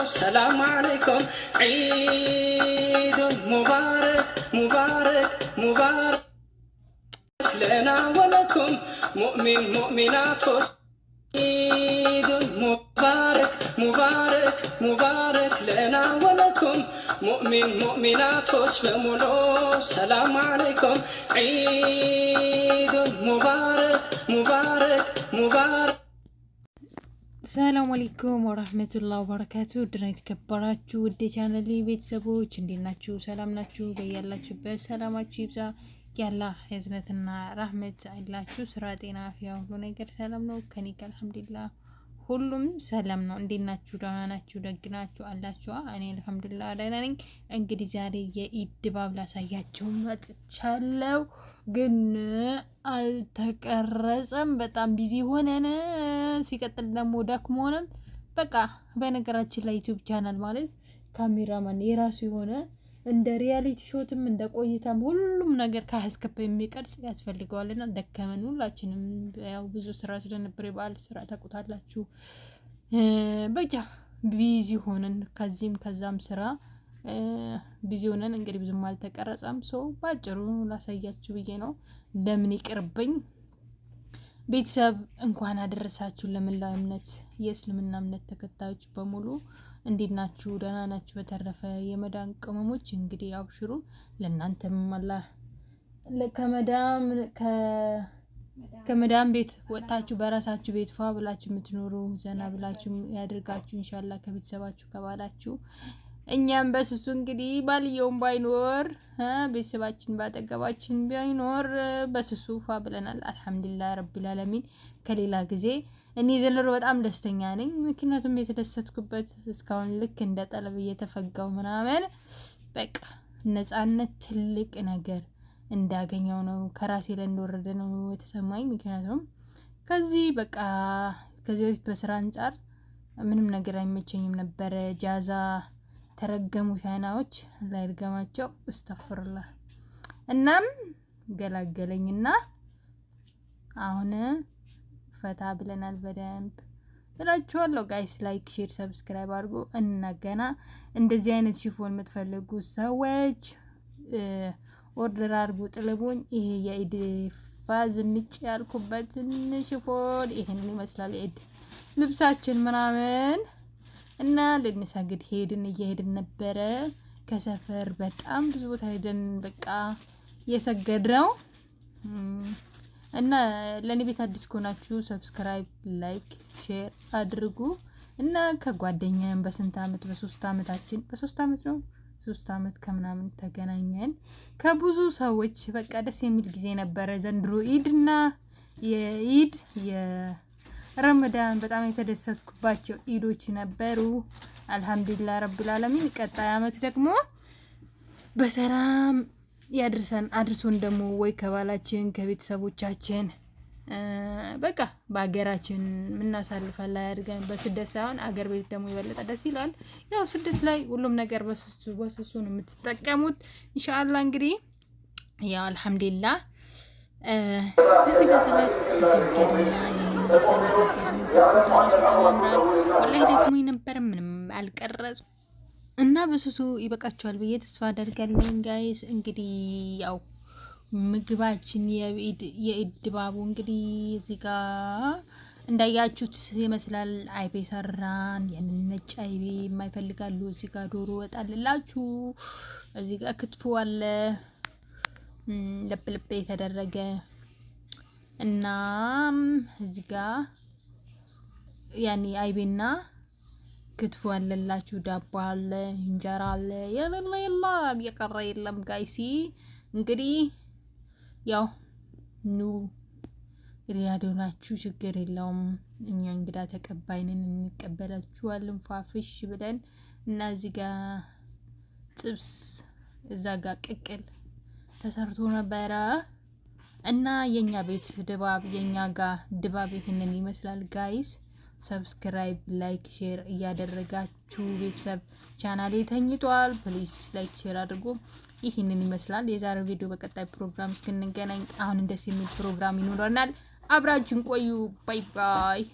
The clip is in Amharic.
السلام عليكم عيد مبارك مبارك مبارك لنا ولكم مؤمن مؤمنات عيد مبارك مبارك مبارك لنا ولكم مؤمن مؤمنات بمولو السلام عليكم عيد مبارك مبارك مبارك ሰላም አለይኩም ወራህመቱላህ ወበረካቱ ድና የተከበራችሁ ውድ የቻናሌ ቤተሰቦች እንዴት ናችሁ? ሰላም ናችሁ? በያላችሁበት ሰላማችሁ ይብዛ። ያላ ህዝነትና ራህመት አይላችሁ። ስራ፣ ጤና፣ አፍያ ሁሉ ነገር ሰላም ነው። ከኔ ጋር አልሐምዱሊላህ ሁሉም ሰላም ነው። እንዴት ናችሁ? ደህና ናችሁ? ደግ ናችሁ አላችሁ? እኔ አልሐምዱሊላህ ደህና ነኝ። እንግዲህ ዛሬ የኢድ ድባብ ላሳያችሁ መጥቻለሁ፣ ግን አልተቀረጸም። በጣም ቢዚ ሆነን ሲቀጥል ደግሞ ደክሞንም በቃ በነገራችን ላይ ዩቲዩብ ቻናል ማለት ካሜራማን የራሱ የሆነ እንደ ሪያሊቲ ሾትም እንደ ቆይታም ሁሉም ነገር ከሀስከበ የሚቀርጽ ያስፈልገዋልና ደከመን። ሁላችንም ያው ብዙ ስራ ስለነበር የበዓል ስራ ታውቁታላችሁ። በቃ ቢዚ ሆነን ከዚህም ከዛም ስራ ቢዚ ሆነን እንግዲህ ብዙም አልተቀረጸም። ሶ ባጭሩ ላሳያችሁ ብዬ ነው። ለምን ይቅርብኝ ቤተሰብ እንኳን አደረሳችሁ ለመላው እምነት የእስልምና እምነት ተከታዮች በሙሉ እንዴት ናችሁ? ደህና ናችሁ? በተረፈ የመዳን ቅመሞች እንግዲህ አብሽሩ። ለእናንተም አላህ ከመዳን ቤት ወጥታችሁ በራሳችሁ ቤት ፏ ብላችሁ የምትኖሩ ዘና ብላችሁ ያደርጋችሁ እንሻላ ከቤተሰባችሁ ከባላችሁ እኛም በስሱ እንግዲህ ባልየውም ባይኖር ቤተሰባችን ባጠገባችን ባይኖር በስሱ ፋ ብለናል። አልሐምዱሊላህ ረቢል ከሌላ ጊዜ እኔ ዘንድሮ በጣም ደስተኛ ነኝ። ምክንያቱም የተደሰትኩበት እስካሁን ልክ እንደ ጠለብ እየተፈጋው ምናምን በቃ ነጻነት ትልቅ ነገር እንዳገኘው ነው ከራሴ ላይ እንደወረደ ነው የተሰማኝ። ምክንያቱም ከዚህ በቃ ከዚህ በፊት በስራ አንጻር ምንም ነገር አይመቸኝም ነበረ ጃዛ የተረገሙ ቻይናዎች ላይርገማቸው እስተፍርላ እናም ገላገለኝና አሁን ፈታ ብለናል በደንብ እላችኋለሁ። ጋይስ ላይክ፣ ሼር፣ ሰብስክራይብ አድርጉ እና ገና እንደዚህ አይነት ሽፎን የምትፈልጉ ሰዎች ኦርደር አድርጉ፣ ጥልቡኝ። ይሄ የኢድ ዝንጭ ያልኩበትን ሽፎን ይሄንን ይመስላል። ኢድ ልብሳችን ምናምን እና ልንሰግድ ሄድን። እየሄድን ነበረ ከሰፈር በጣም ብዙ ቦታ ሄደን በቃ እየሰገድ ነው እና ለእኔ ቤት አዲስ ከሆናችሁ ሰብስክራይብ፣ ላይክ፣ ሼር አድርጉ እና ከጓደኛዬም በስንት አመት በሶስት አመታችን በሶስት አመት ነው ሶስት አመት ከምናምን ተገናኘን ከብዙ ሰዎች በቃ ደስ የሚል ጊዜ ነበረ። ዘንድሮ ኢድ ኢድና የኢድ የ ረመዳን በጣም የተደሰትኩባቸው ኢዶች ነበሩ። አልሐምዱሊላህ ረብል ዓለሚን። ቀጣይ አመት ደግሞ በሰላም ያድርሰን። አድርሶን ደግሞ ወይ ከባላችን ከቤተሰቦቻችን በቃ በሀገራችን የምናሳልፈን ላይ አድርገን በስደት ሳይሆን አገር ቤት ደግሞ የበለጠ ደስ ይላል። ያው ስደት ላይ ሁሉም ነገር በስሱ በስሱ ነው የምትጠቀሙት። እንሻአላ እንግዲህ ያው አልሐምዱሊላህ እዚህ ጋር ስለት ተሰገድና ወላሂ ደግሞ ምንም አልቀረጹ እና በሱሱ ይበቃችኋል ብዬ ተስፋ አደርጋለሁ። ጋይስ እንግዲህ ያው ምግባችን የኢድ ድባቡ እንግዲህ እዚህ ጋ እንዳያችሁት ይመስላል። አይቤ ሰራን፣ ያንን ነጭ አይቤ የማይፈልጋሉ። እዚህ ጋ ዶሮ ወጣልላችሁ፣ እዚህ ጋ ክትፎ አለ፣ ለብ የተደረገ እናም እዚህ ጋ ያኔ አይቤና ክትፎ አለላችሁ፣ ዳቦ አለ፣ እንጀራ አለ። የበላ የለም የቀረ የለም። ጋይሲ እንግዲህ ያው ኑ ሪያዶናችሁ ችግር የለውም። እኛ እንግዳ ተቀባይንን እንቀበላችኋለን ፏፍሽ ብለን እና እዚህ ጋር ጥብስ እዛ ጋር ቅቅል ተሰርቶ ነበረ። እና የኛ ቤት ድባብ የኛ ጋ ድባብ ይህንን ይመስላል ጋይስ። ሰብስክራይብ፣ ላይክ፣ ሼር እያደረጋችሁ ቤተሰብ ቻናሌ ተኝቷል። ፕሊስ ላይክ ሼር አድርጎ ይህንን ይመስላል የዛሬው ቪዲዮ። በቀጣይ ፕሮግራም እስክንገናኝ አሁን ደስ የሚል ፕሮግራም ይኖረናል። አብራችን ቆዩ። ባይ ባይ።